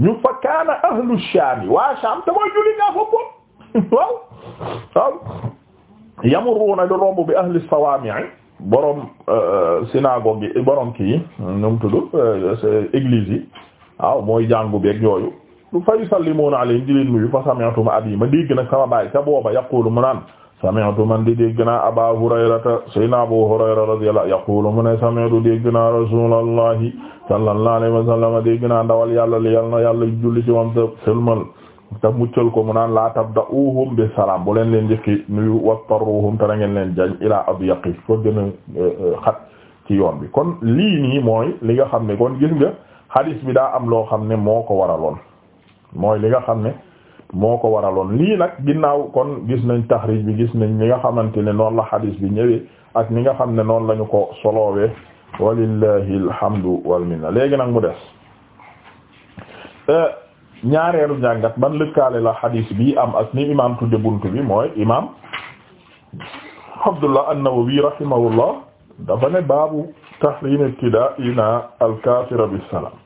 ñu fa kaana ahlu shaami waa shaam te mooy julli ngaa foofu waaw waaw yamuruuna di romb bi ahli sawaami borom euh, synagogue yi borom kii ñoom tudd euh, église yi waaw mooy jàngu beeg yooyu fa yusallimuuna alayhim di leen nuyu fa sami'tum abi ma dégg nag sama baay ca booba yaqulu mu naan sami'tu man di dégg naa Aba Hurayrata Seydina Abu Hurayra radiyallahu yaqulu mu ne sami'tu dégg naa rasulallahi sallallahu alayhi wa sallam dégg naa ndawal yàlla li yal na yàlla julli ci moom te sëlmal te muccal ko mu naan la tabda'uhum bi salaam bu leen leen njëkki nuyu wattaruhum te na ngeen leen jañ ila adyaqi ko gën a e, e, xat ci yoon bi kon lii nii mooy li nga xam ne kon gis nga hadis bi daa am loo xam ne moo ko waraloon mooy li nga xam ne moo ko waraloon lii nag ginnaaw kon gis nañ taxriij bi gis nañ ñi nga xamante ne noonu la xadiis bi ñëwee ak ñi nga xam ne noonu lañu ko solowee walillahi alhamdu wal léegi nag mu des euh, ñaareelu jàngat ban lëkkaale la xadiis bi am ak ni imaam tudde bunt bi mooy imaam Abdullah an-Nawawi rahimahullah dafa ne baabu tahrim ibtidaa'ina al-kaafira bis-salaam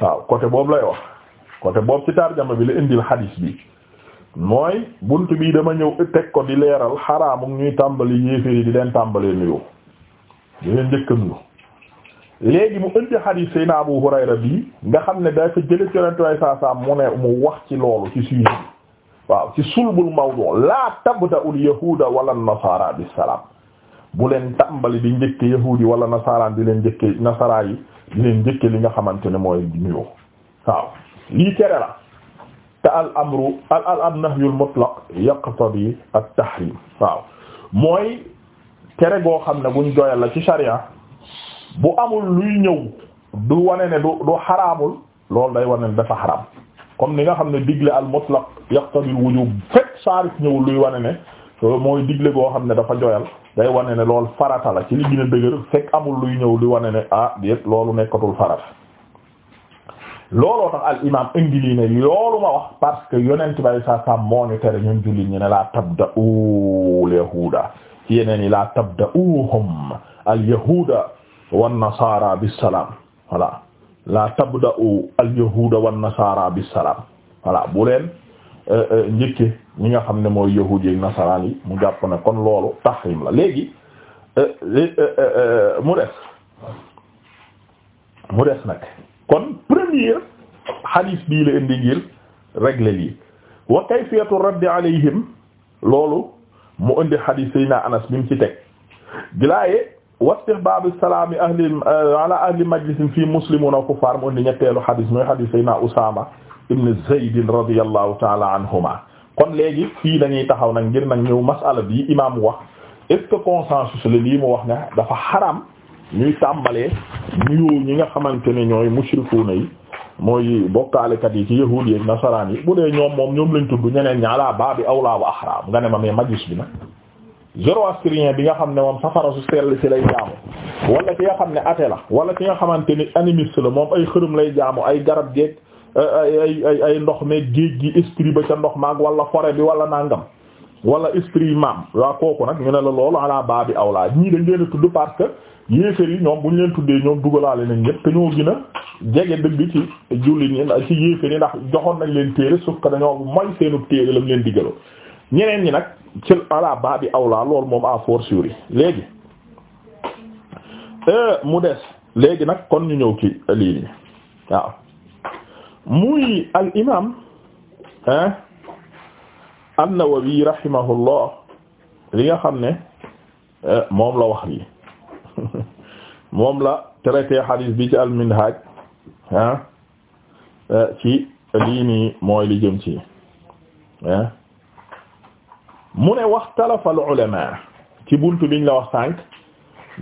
waaw côté boobu lay wax côté boobu ci tarjama bi la indil hadis bi mooy bunt bi dama ñëw teg ko di leeral xaraamu ñuy tàmbali yéeféeri di leen tàmbalee nuyoo di leen njëkkandu léegi mu indi hadis sayna Abu Hurayra bi nga xam ne day fa jële ci yonent way saa saa mu ne mu wax ci loolu ci sujet waaw ci sulbul mawdu laa tabda'ul yahuda wala nasara bi salaam bu leen tàmbali di njëkk yahuudi wala nasaraan di leen njëkke nasara yi di leen njëkke li nga xamante ne mooy nuyoo lii tere la te al amru al al am nahyul mutlaq yaqtadi at tahrim waaw mooy tere goo xam ne buñ joyal la ci sharia bu amul luy ñëw du wane ne du du xaraamul loolu day wane ne dafa xaraam comme ni nga xam ne digle al mutlaq yaqtadi al wujub fekk saarif ñëwul luy wane ne mooy digle goo xam ne dafa joyal day wane ne loolu farata la ci li gën a dëgër fekk amul luy ñëw li wane ne ah déet loolu nekkatul farata looloo tax al imaam indi lii ma wax parce que yonent bi saa saa moo ñu tere ñun jullit ñu ne laa tabda'u al yahuuda ci yeneen yi laa tabda'uhum al yahuuda wan nasaara bisalaam voilà laa tabda'u al yahuuda wan nasaara bisalaam voilà bu leen euh, euh, njëkke ñi nga xam ne mooy yahuud yi nasaraan yi mu jàpp ne kon loolu tahrim la léegi euh, mu des mu des nag. kon première hadith bii la indi ngir régler lii wa kayfiyatu raddi alayhim loolu mu indi hadith sayna Anas bi mu ci teg gilaaye wa istihbaabu salaami ahli ala ahli majlisin fii muslimuuna wa kuffaar mu indi ñetteelu hadith mooy hadith sayna Usaama ibn Zayd radiyallahu ta'ala anhuma kon léegi fii dañuy taxaw nag ngir nag ñëw masala bi imaam wax est-ce que consensus la mu wax ne dafa xaram ñuy tàmbalee nuyoo ñi nga xamante ne ñooy mushrikuuna yi mooy bokkaalekat yi ci yahuud yi nasaraan yi bu dee ñoom moom ñoom lañ tudd ñeneen ñaa ñi ala aw awlaa wa ahraam nga ne ma mais majus bi nag zoroastrien bi nga xam ne moom safara su sell si lay jaamu wala ki nga xam ne athée la wala ki nga xamante ni animiste la moom ay xërëm lay jaamu ay garab geeg ay ay ay ndox meeg géej gi esprit ba ca ndox maak wala forêt bi wala nangam wala esprit maam waa kooku nag ñu ne la loolu ala baa bi laa ñii dañ leen tudd parce que yi ñoom bu ñu leen tuddee ñoom dugalaale nañ ñëpp te ñoo gën a jege dëgg ci jullit ñi ci yéefér yi ndax joxoon nañ leen téere sauf que dañoo moy seenu téere lañ leen diggaloo ñeneen ñi nag ci ala baa bi awlaa lool moom à fortiori léegi euh, mu des léegi nag kon ñu ñëw ci lii nii waaw muy al imam hein an-Nawawi rahimahullah li nga xam ne euh, moom la wax li moom la traité hadith bi ci al-Minhaj ah ci lii nii mooy li jëm ci ah mu ne waxtalafa al-ulama ci buntu biñ la wax sànq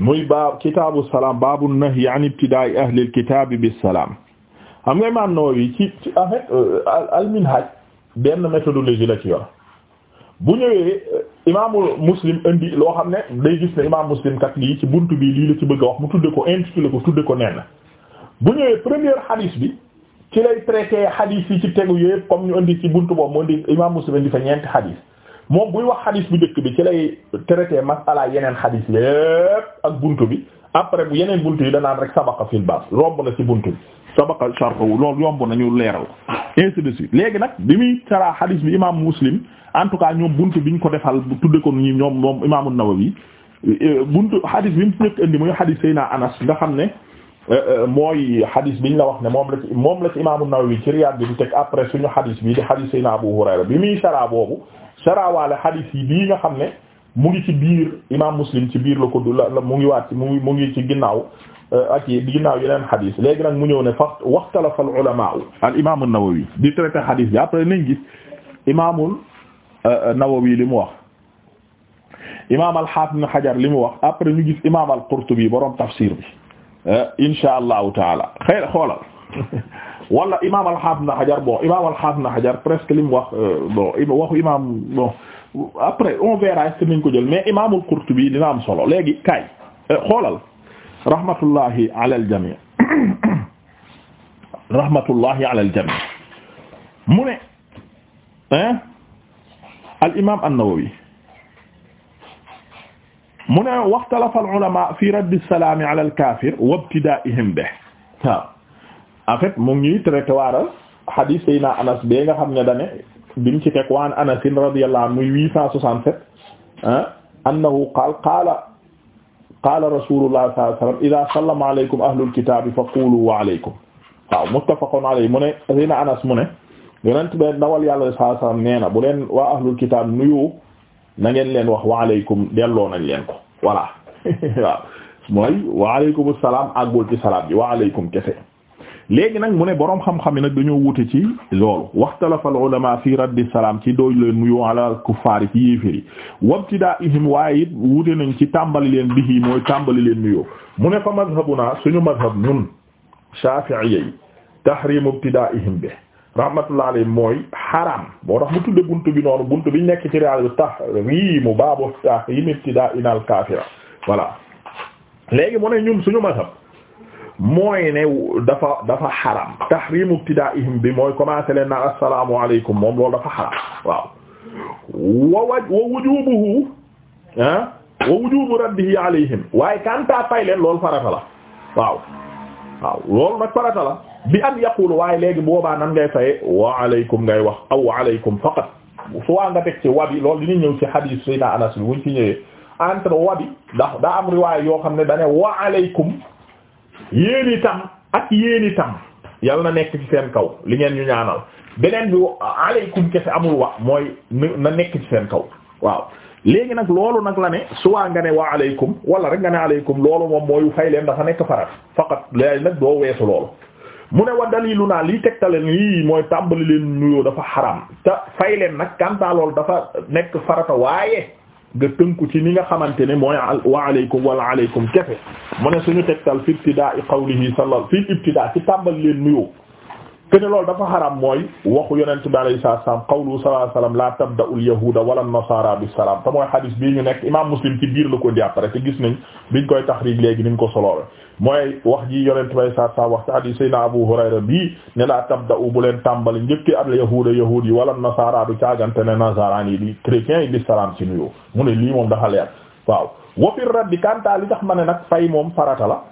muy baab kitaabu salaam baabu nahyi an ibtidaa'i ahli al-kitaabi bis-salaam xam nga imaam Nawawi ci ci en fait euh, al-Minhaj benn méthodologie la ci yor bu ñëwee euh, imaamu muslim indi loo xam ne day gis ne imaamu muslim kat lii ci buntu bi lii la ci bëgg a wax mu tudde ko intitulé ko tudde ko nen bu ñëwee première hadith bi ci lay traité hadith yi ci tegu yëpp comme ñu indi ci bunt boobu mu indi imaamu muslim indi fa ñeenti hadith moom buy wax xadis bu njëkk bi ci lay traité masala yeneen xadis yépp ak buntu bi après bu yeneen buntu yi danaan rek sabaqa fil baab romb na ci bunt bi sabaqa sharhu loolu yomb nañu leeral ainsi léegi nag bi muy saraa xadis bi imam muslim en tout cas ñoom buntu biñ ko defal tudde ko ñu ñoom moom imam an-Nawawi bunt xadis bi mu njëkk indi muy xadis Seyna Anas nga xam ne euh, euh, mooy xadis ñu la wax ne moom la ci moom la ci imam an-Nawawi ci Riyad bi di teg suñu xadis bi di xadis Seyna Abu bi muy saraa boobu sarawaale hadith yi bii nga xam ne mu ngi ci biir imam muslim ci biir loko ko du la mu ngi waat mu ngi mu ngi ci ginnaaw euh, ak yi ginnaaw yeneen hadith léegi nag mu ñëw ne fa waxtalafa al ulama al imam an-Nawawi di traité hadith bi après nañ gis imaamul euh, Nawawi li mu wax imaam al-Hafiz Ibn Hajar li mu wax après ñu gis imaam al-Qurtubi borom tafsir bi euh, insha allahu taala wala imaam al-Hafiz Ibn Hajar bon imaam al-Hafiz Ibn Hajar presque li mu wax euh, bon waxu imaam bon après on verra est-ce que nañ ko jël mais imaam al-Qurtubi dina am solo léegi kay euh, xoolal rahmatullahi ala al-jami' rahmatullahi ala al-jami' mu ne hein al-imaam an-Nawawi mu ne waxtalafa al-ulamaa fi raddi as-salaam ala al-kaafir wa ibtidaa'ihim bihi en fait mu ngi traité waaral hadith sayna anas bee nga xam ne dane bimu ci teg waan anas radiyallahu anhu muy huit cent soixante-sept ah, annahu qaal qaala qaala rasulullah sallallahu alayhi wa sallam idha sallama alaykum ahlul kitaabi fa qulu wa alaykum waaw muttafaqun alayhi mu ne sayna anas mu ne yonent be ndawal yàlla sallallahu alayhi wa sallam nee na bu leen waa ahlul kitaab nuyu na ngeen leen wax wa alaykum delloo nañ leen ko voilà waaw mooy wa alaykum salaam àggul ci salaam bi wa alaykum kese léegi nag mu ne boroom xam-xam yi nag dañoo wute ci loolu waxtalafa al ulama fi raddi salaam ci dooy leen nuyu ala kuffaar ci yéeféri wabtidaa'ihim waaye it wute nañ ci tàmbali leen bihi mooy tàmbali leen nuyoo mu ne fa mazhabuna suñu mazhab ñun shafi'iyya yi tahrim ibtidaa'ihim bi rahmatullah alayhi mooy haram boo tax mu tudde bunt bi noonu bunt bi nekk ci réal bi tahrimu baabu tahrim ibtidaa'ina al kaafira voilà léegi mu ne ñun suñu ma mooy ne dafa dafa xaram tahrimu ibtidaa'ihim bi mooy commencé leen naan assalaamu alaykum moom loolu dafa xaram waaw wa wa wujubuhu ah wa wujubu raddihi alayhim waaye kanta fay leen loolu farata la waaw waaw loolu nag bi an yaqulu waaye léegi boobaa nan ngay faye wa alaykum ngay wax aw alaykum faqat su waa wa bi lool wabi loolu dina ñëw ci hadith sayna anas bi buñ ci ñëwee entre wa ndax da am riwaaya yoo xam ne dane wa alaykum yéen itam ak yéen itam yal na nekk ci seen kaw li ngeen ñu ñaanal beneen bi aleykum kese amul wax mooy na nekk ci seen kaw waaw léegi nag loolu nag la ne suwaa nga ne waa aleykum wala rek nga ne aleykum loolu moom mooy fay leen dafa nekk farat faqat léegi nag doo weesu loolu mu ne wa dalilu naa liy tegtale lii mooy tàmbali leen nuyoo dafa xaram te fay leen nag kanta loolu dafa nekk farata waaye nga tënku ci ni nga xamante ne mooy wa aleykum wala aleykum kefe mu ne suñu tegtal fi ibtidaa qawlihi sallallahu fi ibtidaa ci tàmbal leen nuyoo kene loolu dafa xaram mooy waxu yonent bi alayhi salaam qawlu sallallahu alayhi wasallam la tabda'ul yahuda wala nasaara bis salaam te mooy xadis bii ñu nekk imaam muslim ci biir la ko jàpp rek te gis nañ biñ koy taxriij léegi ni ñu ko soloowe mooy wax ji yonent bi alayhi salaam wax ci hadis sayna Abu Hurayra bii ne la tabda'u bu leen tàmbali njëkki al yahuda yahuud yi wala nasaara du caagante ne nasaraan yi di chrétiens yi bis salaam si nuyoo mu ne lii moom dafa leer waaw la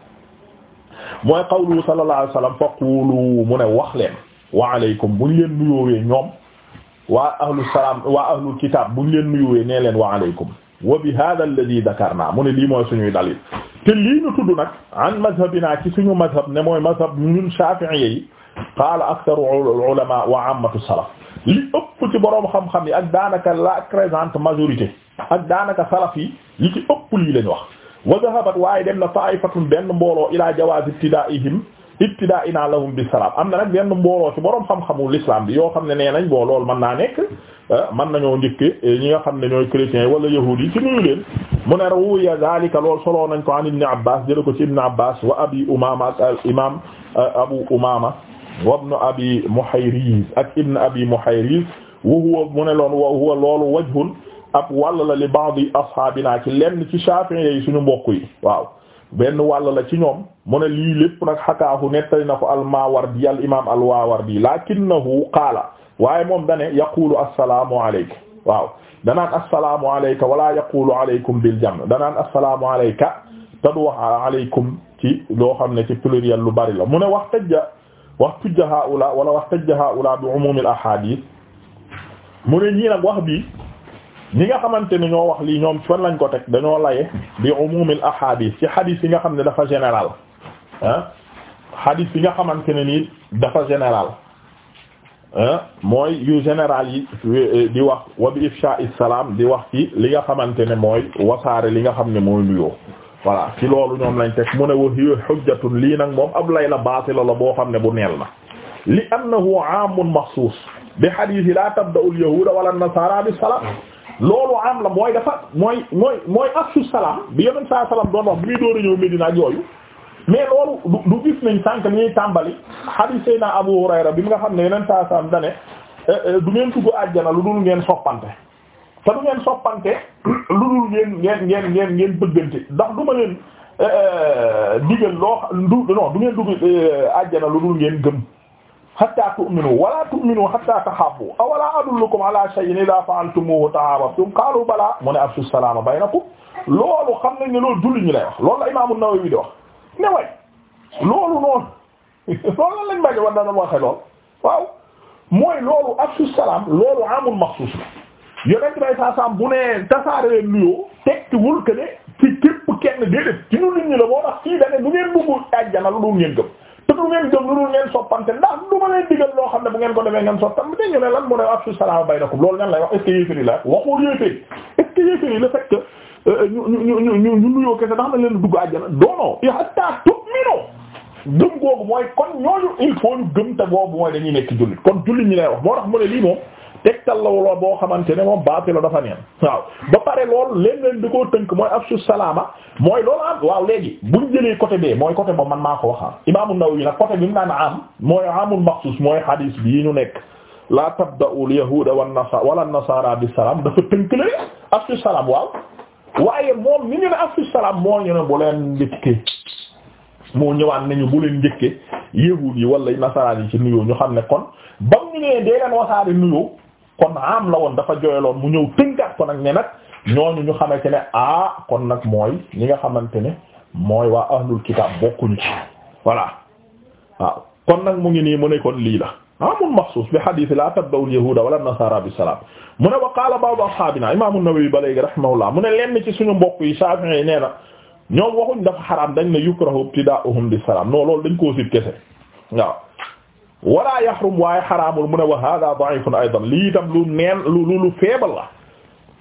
mooy qawlu sallallahu alayhi wa sallam faqulu mu ne wax leen wa aleykum buñ leen nuyoowee ñoom waa ahlu salaam waa ahlul kitaab buñ leen nuyoowee nee leen wa aleykum wa bi hada alladhi dhakarna mu ne lii mooy suñuy dalil te lii ñu tudd nag an madhabina ci suñu madhab ne mooy madhab ñun shafi'iyyi yi qaala aktharu ulama wa ammatu salaf li ëpp ci boroom xam-xam yi ak daanaka la présente majorité ak daanaka salaf yi li ci ëpp lii lañ wax wa dhahabat waaye dem na ta'ifatun benn mbooloo ila jawaazi ibtidaa'ihim ibtidaa'inaa lahum bisalaam am na nag benn mbooloo ci borom xam-xamu l'islam bi yoo xam ne nee nañ boo loolu mën naa nekk eh, mën nañoo njëkk eh, ñi nga xam ne ñooy chrétiens yi wala yahuud yi ci nuyu leen mu ne ruwiya zaalika lool soloo nañ ko an ibni abbas jële ko ci ibni abbas wa abi umama ak al imam eh, abu umama wa ibnu abi muhayriz ak ibnu abi muhayriz wa huwa mu ne loon wa huwa loolu wajhun ab wàll la li ba'di ashaabina ci lenn ci Shafi'i yi suñu mbokk yi waaw ben wàll la ci ñoom mu ne lii lépp nag xakaahu nettali na ko al-Mawardi al-imaam al qaala waaye moom dane yaqulu assalaamu alayka waaw danaan assalaamu alayka wala yaqulu alaykum bil jam danaan assalaamu alayka te du wax alaykum ci loo xam ne ci pluriel lu bari la mu ne wax tajja wax tujja haula wala wax tajja haula bi umumil ahadith mu ne ñii nag wax bi ñi nga xamante ni ñoo wax lii ñoom fan lañ ko teg dañoo laye bi umumil ahadis ci hadis yi nga xam ne dafa général ah hadis nga xamante ne nii dafa général mooy yu général yi di wax wa bi ifsha isalaam di wax ci li nga xamante ne mooy wasaare li nga xam ne mooy nuyoo voilà ci loolu ñoom lañ teg mu ne wa hiya hujjatun lii nag moom ab lay la baatila la boo xam ne bu neel na li annahu aamun maxsuus bi hadis yi la tabda'u al yahuda wala nasara bi salaam loolu am la mooy dafa mooy mooy mooy afsu salaam bi yeneen saa salaam doon wax bi muy dóora ñëw Medina ak yooyu mais loolu du gis nañ sànq ni ñuy tàmbali hadith Seydina Abu Hurayra bi nga xam ne yeneen saa salaam dane eh, eh, du ngeen dugg àjjana lu dul ngeen soppante te du ngeen soppante lu dul ngeen ngeen ngeen ngeen ngeen bëggante ndax du ma leen eh, digal loo du non du ngeen dugg àjjana lu dul ngeen gëm hatta tu'minu wala tu'minu hatta tahabbu aw la adullukum ala shay'in idha fa'altumuhu tahaabtum qaalu balaa mu ne afshu salaama baynakum loolu xam nañ ne loolu julli ñu lay wax loolu loolu noonu loolu lañ bëgg war na waxe lool waaw mooy loolu afshu salaam loolu amul maxsuus la yonent bay saa bu ne tasaaree nuyoo tekkiwul que ne ci képp kenn déedéet ci ñu nit ñi la moo tax fii da ne ngeen bëgg àjjana lu ngeen gëm du ngeen jëm lu dul ngeen soppante ndax du ma leen digal loo xam ne bu ngeen ko defee ngeen soppante ñu ne lan mu ne afsu salaama baynakum loolu ñan lay wax est-ce la waxul yéeféri est-ce la fekk euh, ñu ñu ñu ñu ñu nuyoo kese ndax na leen dugg àjjana doono hatta tu'minu gëm googu mooy kon ñooñu il faut ñu gëm te boobu mooy dañuy nekk jullit kon jullit ñi lay wax moo tax mu ne lii moom tegtal la wala boo xamante ne moom baati la dafa neen waaw ba pare loolu leen leen di koo tënk mooy afsu salaama mooy loolu am waaw léegi buñ jëlee côté bee mooy côté boobu man maa ko waxaa imaamu Nawawi nag côté bi mu naan am mooy amul maxsus mooy hadis bii ñu nekk la tabda'ul yahuda wan nasara wala nasara bi salaam dafa tënk la afsu salaam waaw waaye moom ni ñu ne moo ñu ne bu moo ñëwaat nañu bu leen njëkkee yahuud yi yi ci nuyoo dee leen wasaare nuyoo kon am la woon dafa jooyaloon mu ñëw tënkaat ko nag ne nag ñooñu ñu xamante ne ah kon nag mooy ñi nga xamante ne mooy waa ahlul kitaab bokkuñu ci voilà waaw kon nag mu ngi nii mu ne kon lii la amul maxsuus bi hadith la tabda'u al-yahuda wala nasara bi salaam mu ne wa qaala ba'du ashaabina imaam an-Nawawi ba léegi mu ne lenn ci suñu mbokk yi Shafi'i nee na ñoom waxuñ dafa xaraam dañ ne yukrahu ibtidaa'uhum bi salaam non loolu dañ koo sib kese wala yaxrum waaye xaraamul mu ne wa hada da'ifun aydan lii itam lu neen lu lu feebal la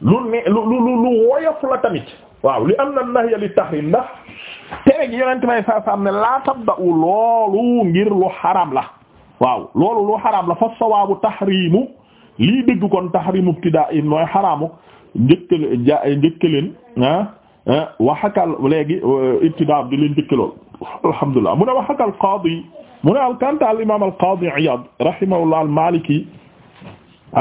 lu ne lu lu lu woyof la tamit waaw li am na nahya li tahrim ndax tere gi yonent may saa saam ne laa tabda'u loolu ngir lu xaraam la waaw loolu lu xaraam la fa sawaabu tahrimu lii dëgg kon tahrimu ibtidaa'in mooy xaraamu njëkkale ja njëkkaleen ah, ah waxakal léegi ibtidaa' di leen njëkkalool alhamdulillah mu ne waxakal qaadi mu ne alkanta al imam alqaadi Iyaad rahimahullah almaliki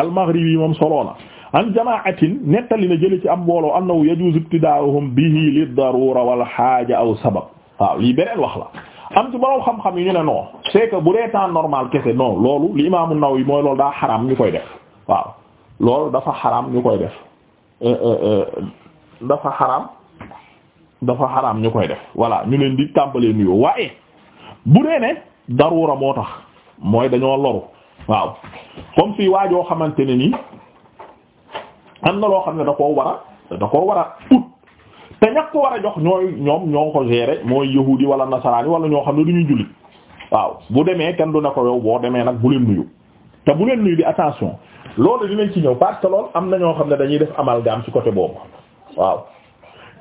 almaghribi moom soloona an jamaatin nettali na jële ci am mbooloo annahu yajuuzu ibtidaa'uhum bihi li daruura wal haaja aw sabab waaw lii beneen wax la am ci borom xam-xam yi ñu ne non c'est que bu dee temps normal kese non loolu li imaamu Nawawi mooy loolu daa xaram ñu koy def waaw loolu dafa xaram ñu koy def euh, euh, euh, dafa xaram dafa xaram ñu koy def voilà ñu leen di tàmbalee nuyoo waaye bu daruura moo tax mooy dañoo loru waaw comme si waajoo xamante ne nii am na loo xam ne da koo war da koo war a te ñàkk ko war a jox ñooy ñoom ñoo ko gérer mooy yahuudi wala nasaraani wala ñoo xam ne du ñu jullit waaw bu demee kenn du ne ko yow boo demee nag bu leen nuyu te bu leen nuyu bi attention loolu dinañ ci ñëw parce que am na ñoo xam ne dañuy def amalgame ci côté boobu waaw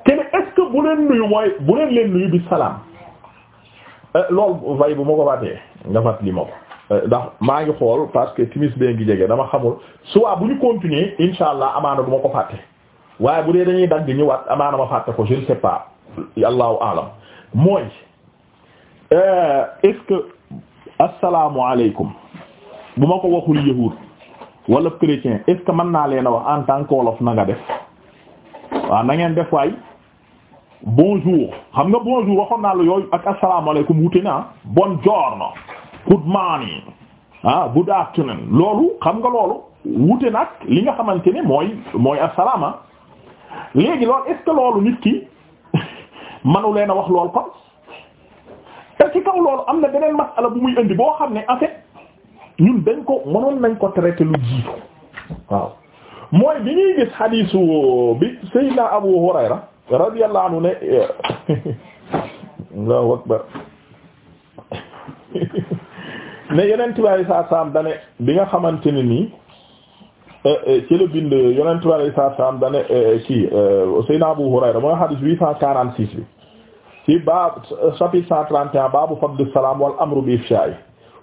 kenn est bu leen nuyu mooy bu leen leen nuyu bi salaam Euh, lool vay bu ma ko baatee nga fat li ma ko euh, ndax maa ngi xool parce que timis bee ngi jege dama xamul soit bu ñu continuer insha allah amaana du ma ko fàtte waaye bu dee dañuy dagg ñëwaat amaana ma fàtte ko je ne sais pas allahu alam mooy euh, est-ce assalaamu alaykum bu ma ko waxul yahuud wala chrétien est-ce naa leen a wax en tant que wolof def waaw na ngeen def waay bonjour xam nga bonjour waxoon naa la yooyu ak asalaamaaleykum naa bon buongiorno good morning ah good afternoon loolu xam nga loolu wuute nag li nga xamante ne mooy mooy asalaama ah. léegi loolu est loolu nit ki manu leen a wax lool kon te ci kaw loolu am na beneen masala bu muy indi boo xam ne en fait dañ ko mënoon nañ ko traité lu jiitu waaw mooy bi ñuy gis xadiisu bi Seydina Abu Hurayra radiyallahu anhu ne eh, Allahu akbar ne yonent bi alayhi salaam dane bi nga xamante ne nii eh, eh, ci la bind yonent bi alayhi salaam dane kii Seydina Abu Hurayra mu nga xadis huit cent quarante six bi ci baab chapitre cent trente et un baabu fadl salaam wal amru bi ifshaa'i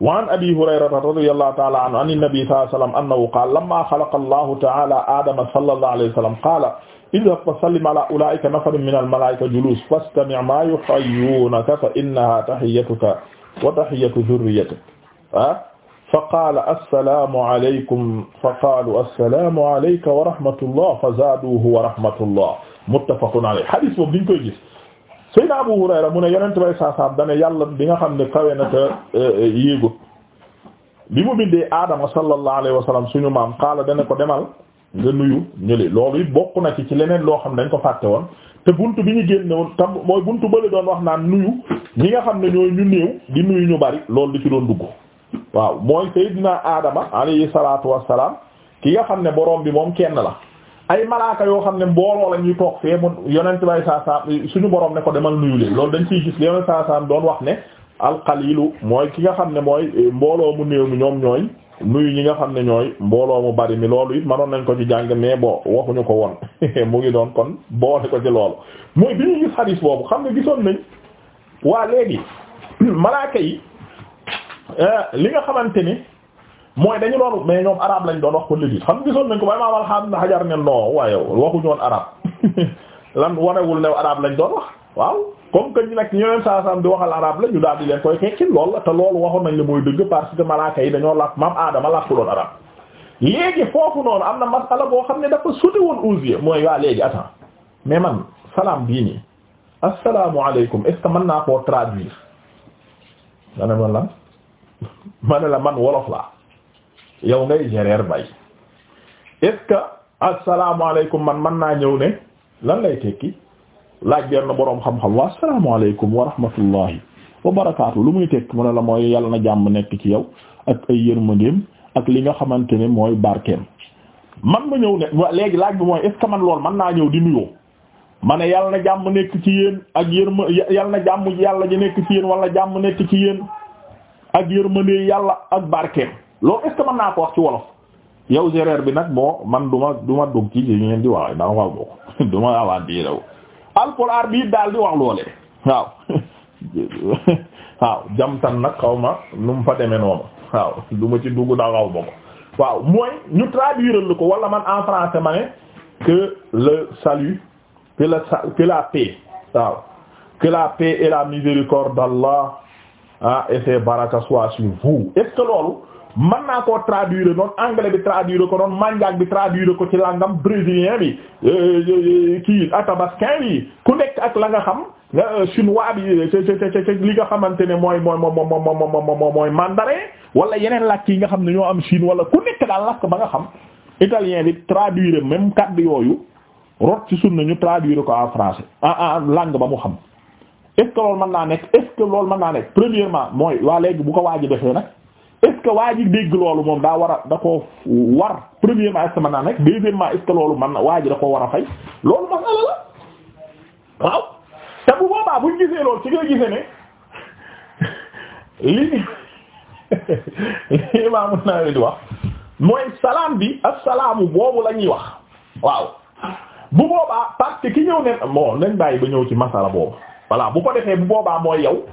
wa an abi hurayrata radiyallahu ta'ala anhu an nabi sallallahu alayhi wa sallam annahu qaala lamma xalaqa allahu ta'ala aadama sallallahu alayhi wa sallam qaala idha fasallim ala ulaa'ika nafarun min al-malaa'ikati julus fastami' ma yuhayyunaka fa innaha tahiyyatuka wa tahiyyatu dhurriyyatika fa qaala assalaamu alaykum fa qaalu assalaamu alayka wa rahmatullah fa zaaduuhu wa rahmatullah muttafaqun alayhi hadis boobu diñ koy gis Seydina Abu Hurayra mu ne yonent bay saasaam dane yàlla bi nga xam ne kawe na te eh, eh, yéegu bi mu bindee Aadama sallallahu alayhi wa sallam suñu maam qaala dana ko demal nga nuyu ñële loolu it bokk na ci ci leneen loo xam ne dañ ko fàtte woon te bunt bi ñu génne woon tam mooy buntu bële doon wax naan nuyu ñi nga xam ne ñooy ñu néew di nuyu ñu bari loolu di ci doon dugg waaw mooy Seydina Adama alayhi salaatu salaam ki nga xam ne boroom bi moom kenn la ay malaaka yoo xam ne mbooloo la ñuy toog fee mu yonent bay saa eh, suñu borom ne ko demal nuyu leen loolu dañ ciy gis li yonent saa doon wax ne alqalilu mooy ki nga xam ne mooy eh, mbooloo mu néew mi ñoom ñooy nuyu ñi nga xam ne ñooy mbooloo mu bari mi loolu it manoon nañ ko ci jàng mais bon waxuñu ko woon mu ngi doon kon boole ko ci loolu mooy bi ñu gis xadiis boobu xam ne gisoon nañ waa léegi malaaka yi euh, li nga xamante ni mooy dañu loolu mais ñoom arab lañ doon wax ko lëdit xam gisoon nañ ko bay maamal xam na xajar ne noo waaye waxuñu woon arab lan wanewul new arab lañ doon wax waaw comme que ñu nag ñu leen saa saam di waxal araab la ñu daal di leen koy tekki lool la te loolu waxoon nañ la mooy dëgg parce que malaaka yi dañoo làkk maam aadama làkku doon arab léegi foofu noonu am na masala boo xam ne dafa suti woon ausie mooy waa léegi attends mais man salaam bii assalaamu alaykum est-ce mën naa koo traduire ma ne man lan la man wolof laa yow ngay gérer bay est assalaamu alaykum man mën naa ñëw ne lan lay tekki laaj na boroom xam-xam wa asalaamaaleykum wa rahmatullahi wa barakaatu lu muy tekk mu ne la mooy yàlla na jàmm nekk ci yow ak ay yërmandeem ak li nga xamante ne mooy barkeem man ma ñëw ne léegi laaj bi mooy est man lool man naa ñëw di nuyoo ma ne yàlla na jàmm nekk ci yéen ak yërma yal na jàmm yàlla ji nekk ci yéen wala jàmm nekk ci yéen ak yërmandee yàlla ak barkeem loolu est ce naa ko wax ci wolof yow gérer bi nag bon man du du ma dugg ci li ngeen alpulaar bi daal di wax loole waaw waaw jamtan nag xaw ma nu fa demee noonu waaw du ma ci dugg da xaw ko waaw mooy ñu traduire ko wala man en français ma ne que le salut que la que la paix waaw que la paix et la miséricorde d'Allah ah et ses barakas sur vous est-ce que loolu man naa koo traduire noonu anglais bi traduire ko noonu manjaak bi traduire ko ci langam brésilien bi euh, euh, kii atabaskin bi ku nekk ak la nga xam euh, chinois bi ca ca ca li nga xamante ne mooy mooy mooy mooy mooy mandarin wala yeneen làkk yi nga xam ne ñoo am Chine wala ku nekk daal làkk ba nga xam italien bi traduire même kàddu yooyu rot ci na ñu traduire ko en français en langue ba mu xam est-ce que loolu mën naa nekk est-ce que loolu mën naa nekk premièrement mooy waa léegi bu ko waaj defee nag. est-ce que waa ji dégg loolu moom daa war a da ko war premièrement est-ce que mën naa nekk loolu man na waa ji da koo war a fay loolu masala waaw te bu boobaa buñ gisee loolu ci nga gisee ne li li Imaam Nawawi di wax mooy salaam bi ak salaamu boobu la ñuy wax waaw bu boobaa parce que ki ñëw ne moo nañ bàyyi ba ñëw ci masala boobu voilà bu ko defee bu boobaa mooy yow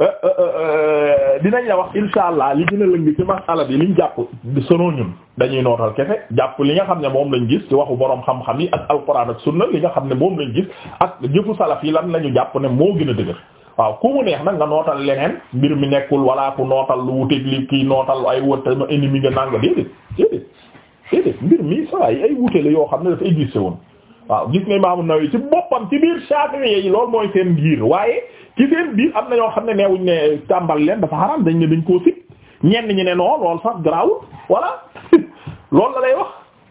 Euh, euh, euh, dinañ la wax insha allah li gën a lëng ci masala bi liñ jàpp selon ñun dañuy nootal kefe jàpp li nga xam ne moom lañ gis ci waxu boroom xam-xam yi ak alquran ak sunna li nga xam ne moom lañ gis ak jëfu salaf yi lan la ñu jàpp ne moo gën a dëgër waaw ku mu neex nag nga nootal leneen mbir mi nekkul wala ku nootal lu wuteeg li kii nootal ay wëtta ma ennemi nga nanga déedéet déedéet déedéet mbir mi saa ay wute yoo xam ne dafa existé woon waaw gis nga Imaamu Nawawi ci boppam ci biir Shafi'i yi loolu mooy seen biir waaye ci seen biir am na ñoo xam ne neewuñ ne tàmbali leen dafa xaram dañ ne dañ koo sib ñenn ñi ne non loolu sax garaawul wala loolu la lay wax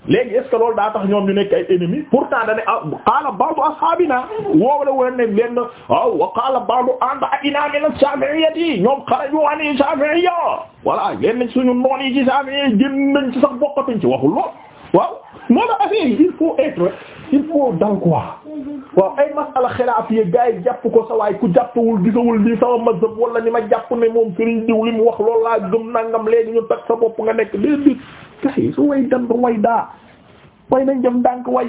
léegi est ce daa tax ñoom ñu nekk ay ennemis pourtant da ne ah qaala ba'du ashaabina woowu la wane ne leen ah wa qaala ba'du anbaa'inaa min ash-shaafi'iyyati ñoom xaraju an shaafi'iyya voilà yenn suñu noon yi ci Shaafi'i yi génn nañ ci sax bokkatuñ ci waxul lool waaw. moo la affaire yi il faut être il faut dal quoi waaw ay masala xilaaf yi gars yi jàpp ko sa waay ku jàppawul gisawul lii sama mazhab wala ni ma jàpp ne moom sëriñ diw mu wax loolu laa gëm nangam léegi ñu tag sa bopp nga nekk léeg-léeg gars su way dan way daa way nañ dem ndànk way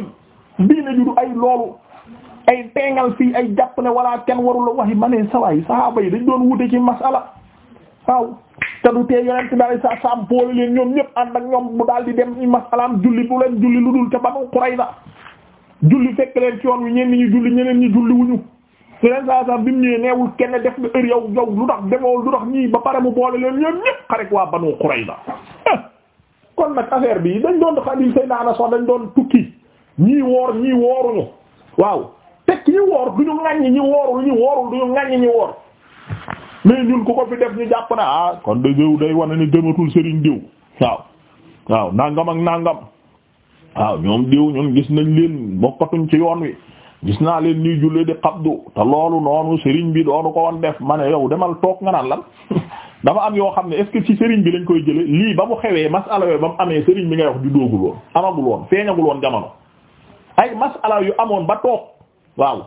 diine ju du ay loolu ay teengal fii ay jàpp ne wala kenn warula waxi ma ne sawaay waay yi dañ doon wute ci masala waaw te du tee yonent bi alayhi salaatu salaam boole leen ñoom ñëpp ànd ak ñoom bu daal di dem masalaam julli bu leen julli lu dul ca Banu Qurayza julli fekk leen ci yoon wi ñenn ñi julli ñeneen ñi julli wuñu yeneen saa saa bi kenn def nga heure yow yow lu tax demoo lu tax ñii ba pare mu boole leen ñoom ñëpp xarit waa Banu Qurayza kon nag affaire bi dañ doon xadil say naana sox dañ doon tukki ñii woor ñii wooruñu waaw teg ñi woor duñu ŋàññ ñi woorul ñi woorul duñu ŋàññ ñi woor mais ñun ku ko fi def ñu jàpp na ah kon de day wane ni gëmatul sëriñ diw waaw waaw nangam ak nangam waaw ñoom diw ñun gis nañ leen bokkatuñ ci yoon wi gis naa leen ñuy julli di xabdu te loolu noonu sëriñ bi doonu ko won def ma ne yow demal toog nga naan lan dafa am yoo xam ne est ci sëriñ bi lañ koy jële lii ba mu xewee masala yooyu ba mu amee sëriñ bi nga wax di doogul woon amagul woon feeñagul woon jamono ay masala yu amoon ba toog waaw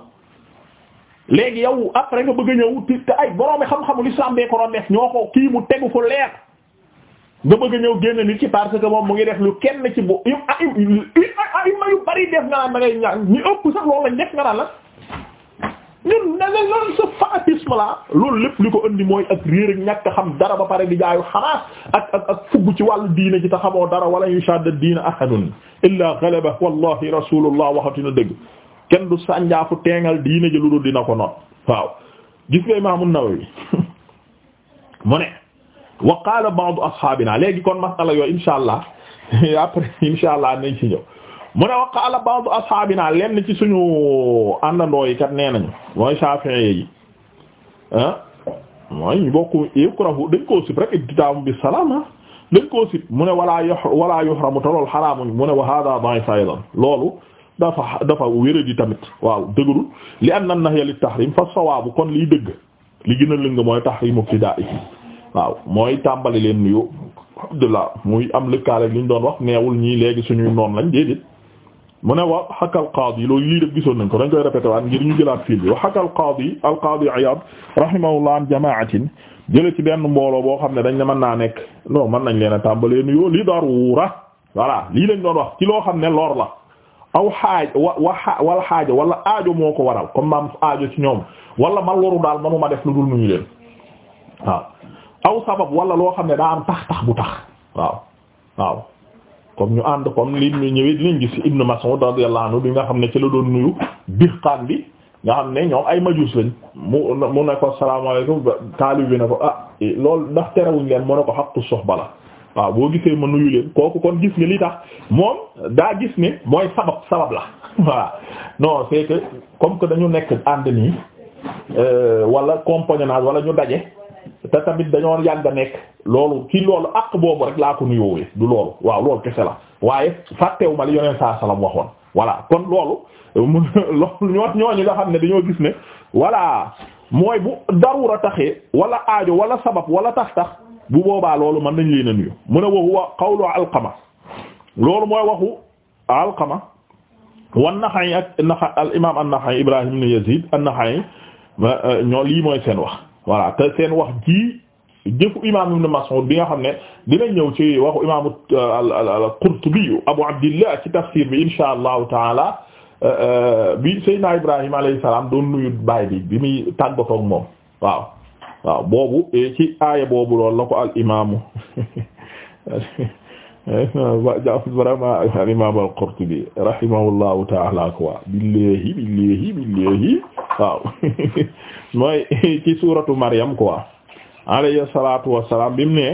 léegi yow après nga bëgg a ñëw te ay borom xam-xamu l'islam bee ko doon def ñoo ko kii mu tegu fu leer nga bëgg ñëw génn nit ci parce que moom mu ngi def lu kenn ci bo yu ah yu bari def nga naan da ngay ñaan ñu ëpp sax loolu lañ def nga naan la ñun da nga loolu sa fanatisme la lépp li ko indi mooy ak réer ak ñàkk xam dara ba pare di jaayu xamaas ak ak ak fugg ci wàllu diina ci te xamoo dara wala yushadda diina ahadun illa ghalaba wallahi rasulullah waxatina dëgg. kenn du sànjaafu teengal diine ji lu dul dina ko noon waaw gis nga Imaam An-Nawawi mu ne wa qaala ashaabina léegi kon masala yooyu insha allah après insha allah nañ ci ñëw mu ne wa qaala ashaabina lenn ci suñu àndandoo yi kat nee nañu mooy Shafi'i yi ah mooy ñu bokk yukrahu dañ koo sib rek ibtidaa'u bi salaam ah. dañ koo sib mu ne walaa yox walaa yuhramu te loolu mu ne wa haadaa da'if loolu dafa dafa wéradi tamit waaw dëgërul li am na nahya li tahrim fa sawaabu kon liy dëgg li gën a lëng mooy tahrimu ibtida'i waaw mooy tàmbali leen nuyu alhamdulillah muy am lëkkaale li ñu doon wax neewul ñii léegi suñuy noon lañ déedéet mu ne wa hakka al qaadi loolu lii def gisoon nañ ko dañ koy répété waat ngir ñu jëlaat fil bi wa hakka al qaadi al qaadi Iyaad rahimahullah an jamaatin jële ci benn mbooloo boo xam ne dañ ne mën naa nekk non mën nañ leen a tàmbalee nuyoo li darura voilà lii lañ doon wax ci loo xam ne lor la aw xaaj wa wa wal xaajo wala aajo moo ko waral comme maam aajo ci ñoom wala man waru daal ma def lu dul nuyu leen waaw aw sabab wala loo xam ne daa am tax tax bu tax waaw waaw comme ñu ànd comme li ñu ñëwee dinañ gis Ibn Mas'ud radiyallahu anhu bi nga xam ne ci la doon nuyu Dihqaan bi nga xam ne ñoom ay majuus lañ mu mu ne ko salaamaaleykum taalib bi ne ko ah loolu ndax terewuñ leen mu ne ko haqqu suhba la waaw boo gisee ma nuyu leen kooku kon gis nga li tax moom daa gis ni mooy sabab sabab la voilà no c'est que comme que dañu nekk ànd nii euh, wala compagnonnage wala ñu daje te tamit dañoo yàgg a nekk loolu ci loolu àq boobu rek laa ko nuyoowee du loolu waaw loolu kese la waaye fàttewu ma li yoneen saa salam waxoon voilà kon loolu loolu ñoo ñooñu nga xam ne dañoo gis ne voilà mooy bu darura taxee wala aajo wala sabab wala tax tax bu boobaa loolu mën nañ leen a nuyu mu ne waxu wa qawlu alqama loolu mooy waxu alqama wan naxayi ak naxa al imam an-Naxa'i Ibrahim ibn Yazid an-Naxa'i euh, ñoo lii mooy seen wax voilà te seen wax ji jëfu imam ibn Mas'ud bi nga xam ne dinañ ñëw ci waxu imam euh, al-Qurtubi Abu Abdillah ci tafsir bi insha allahu taala euh, bi Seydina Ibrahim alayhi salaam doon nuyu baay bi bi muy tàggatoog moom waaw waaw boobu eh, ci aaya boobu loolu la ko al imaamu vraiment al imaam al Qurtubi rahimahullahu taala quoi billahi billahi billahi waaw mooy ci suuratu Maryam quoi alayhi salaatu wassalaam bi mu ne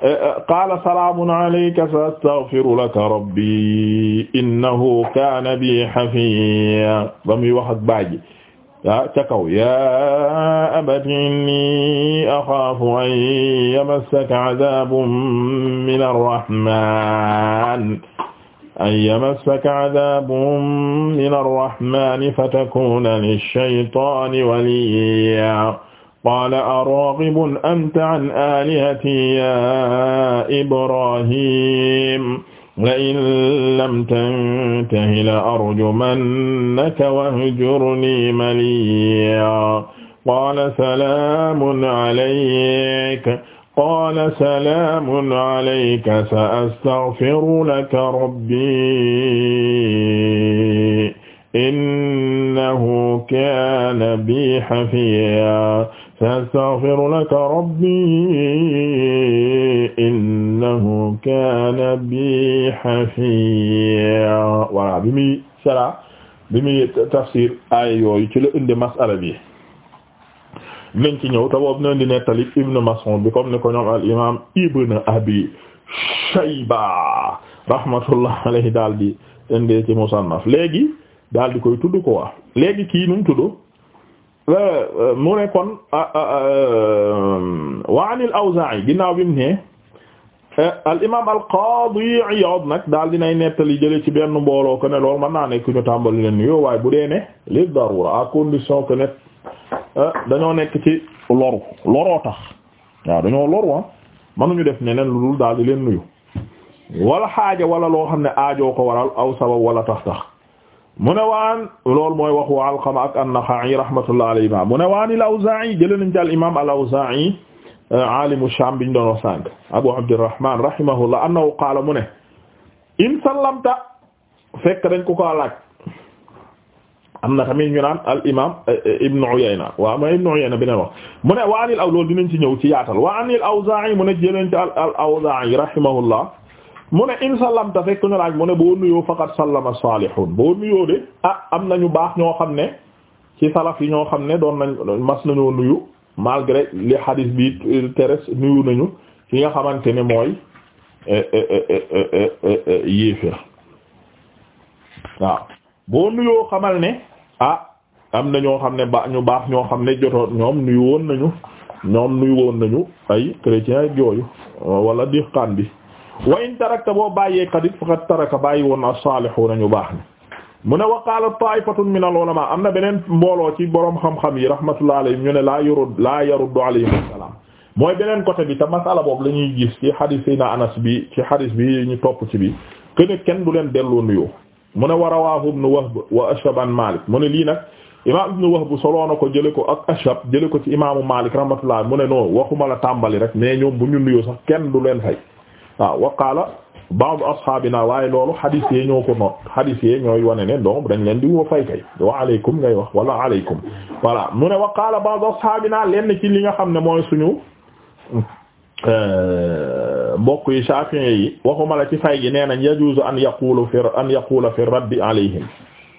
eh, eh, qaala salaamun alayka sa astaghfiru laka rabbi innahu kaana bi hafiya ba muy wax ak baaji ah ca kaw yaa abati inni axaafu an yamassaka adaabun mina rahmaan an yamassaka adaabun mina rahmaan fatakuuna lish-shaytaani waliyyan qaala araagibun anta an aalihatii yaa Ibraahiim la in lam tantahi la arjumannaka wahjurni maliya qaala salaamun alayka qaala salaamun alayka sa astaghfiru laka rabbi innahu kaana bi hafiya sastaghfiru laka rabbi innahu kaana bi hafiya voilà bi muy sara bi muy tafsir ay yooyu ci la indi masala bi lañ ci ñëw te boobu na di nettali Ibn Mas'ud bi comme ni ko ñoom al imam Ibn Abi Shayba rahmatullah alayhi daal di indee ci musannaf léegi daal di koy tudd ko waa léegi kii nu tudd euh, euh, mu ne kon euh, wa an al ginnaaw bi mu ne al imaam al qaadi Iyaad nag daal nay nettali jële ci benn mbooloo ko ne loolu mën naa nekk ñu tàmbali leen nuyoo waaye bu dee ne li darura à condition que ne dañoo nekk ci loru loroo tax waaw dañoo loru ah mënuñu def neneen lu dul daal di leen nuyu wala xaaja wala loo xam ne aajoo ko waral aw sabab wala tax tax. mu ne waan loolu mooy waxu Alqama ak an-Naxa'i rahmatullah alayhima mu ne waan al-Awzaa'i jëlee nañ ci al-imaam al-Awzaa'i euh, aalimu Shaam biñ doon wax sànq Abu Abdurrahmaan rahimahullah annahu qaala mu ne in sallamta fekk dañ ko ko laaj am na tamit ñu naan al-imaam euh, Ibn Uyayna waaw ma Ibn Uyayna bi ne wax mu ne waan al-aw loolu dinañ ci ñëw ci yaatal waan al-Awzaa'i mu ne jëlee nañ ci al-Awzaa'i rahimahullah mu ne in sallamta fekk ñu laaj mu ne boo nuyoo faqat sallama salihun boo nuyoo de a ah am na nañu baax ñoo xam ne ci salaf yi ñoo xam ne doon nañ mas nañoo nuyu malgré li hadis bi teres nuyu nañu ki nga xamante ne mooy eh, eh, eh, yéefér waaw boo nuyoo xamal ne ah am na ñoo xam ne ba ñu baax ñoo xam ne jotoon ñoom nuyu woon nañu ñoom nuyu woon nañu ay chrétiens yooyu wala dixkaan bi wa in tarakta boo bàyyee xadit faqad taraka bàyyi woon as-salihuna ñu baax ni mu ne wa qaala ta'ifatun min al-ulama am na beneen mbooloo ci boroom xam-xam yi rahmatullah alayhim ñu ne laa yurud laa yaruddu alayhim assalaam mooy beneen côté bi te masala boobu la ñuy gis ci xadis sayna anas bi ci xadis bi ñu topp ci bi kuene kenn du leen delloo nuyoo mu ne wa rawahu ibnu wahb wa ashab an malik mu ne lii nag imam ibnu wahb soloo na ko jële ko ak ashab jële ko ci imaamu malik rahmatullah mu ne noonu waxuma la tàmbali rek mais ñoom bu ñu nuyoo sax kenn du leen fay waaw wa qaala ba'd ashaabina waaye loolu xadis yee ko noot xadis ñooy wane ne donc dañ leen di woo fay kay wa aleykum ngay wax wala aleykum voilà mu ne wa qaala ba'd ashaabina lenn ci li nga xam ne mooy suñu euh, mbokk yi Shafi'i yi waxuma la ci fay yi nee nañ yajuuzu an yaqulu fi an yaqula fi raddi alayhim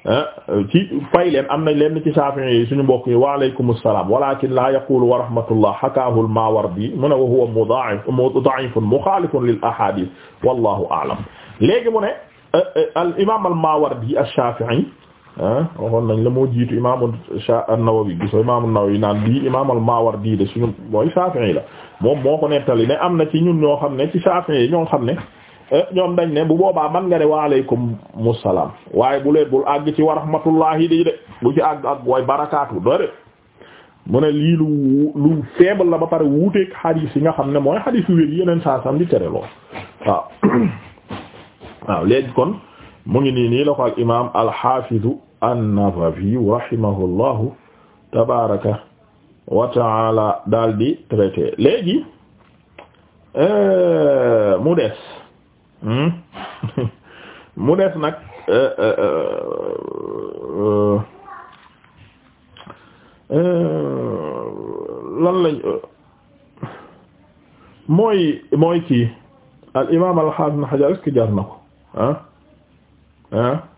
Ah, ci fay leen am nañ leen ci Shafi'i yi suñu mbokk yi wa alaykum assalam walakin la yaqulu wa rahmatullah hakahu al-Mawardi mu ne wa huwa mudha'if mudha'if mukhalif lil ahadith wallahu a'lam léegi mu ne eh, eh, al imam al-Mawardi ash-Shafi'i ah, waxoon nañ la moo jiitu imam an-Nawawi gisoo imam an-Nawawi naan bii imam al-Mawardi de suñu mooy Shafi'i la moom moo ko nettali ne am na ci ñun ñoo xam ne ci Shafi'i yi ñoo xam ne Eh, ñoom dañ ne bu boobaa man nga ne waaleykum salaam waaye bu leen bul àgg ci wa rahmatullahi di de bu ci àgg ak way barakaatu dore mu ne lii lu lu la ba pare wuuteeg xadiis nga xam ne mooy xadiis yu yeneen saa di tere lool waaw waaw léegi kon mu ngi nii nii la ko al imaam al xaafidu an-Nawawi rahimahullahu tabaaraka wa taala daal di traité léegi eh, mu des. Hmm? mu des nag euh, euh, euh, lan lañ mooy mooy kii al imaam al xaafis na xajar est-ce que jar na ko ah ah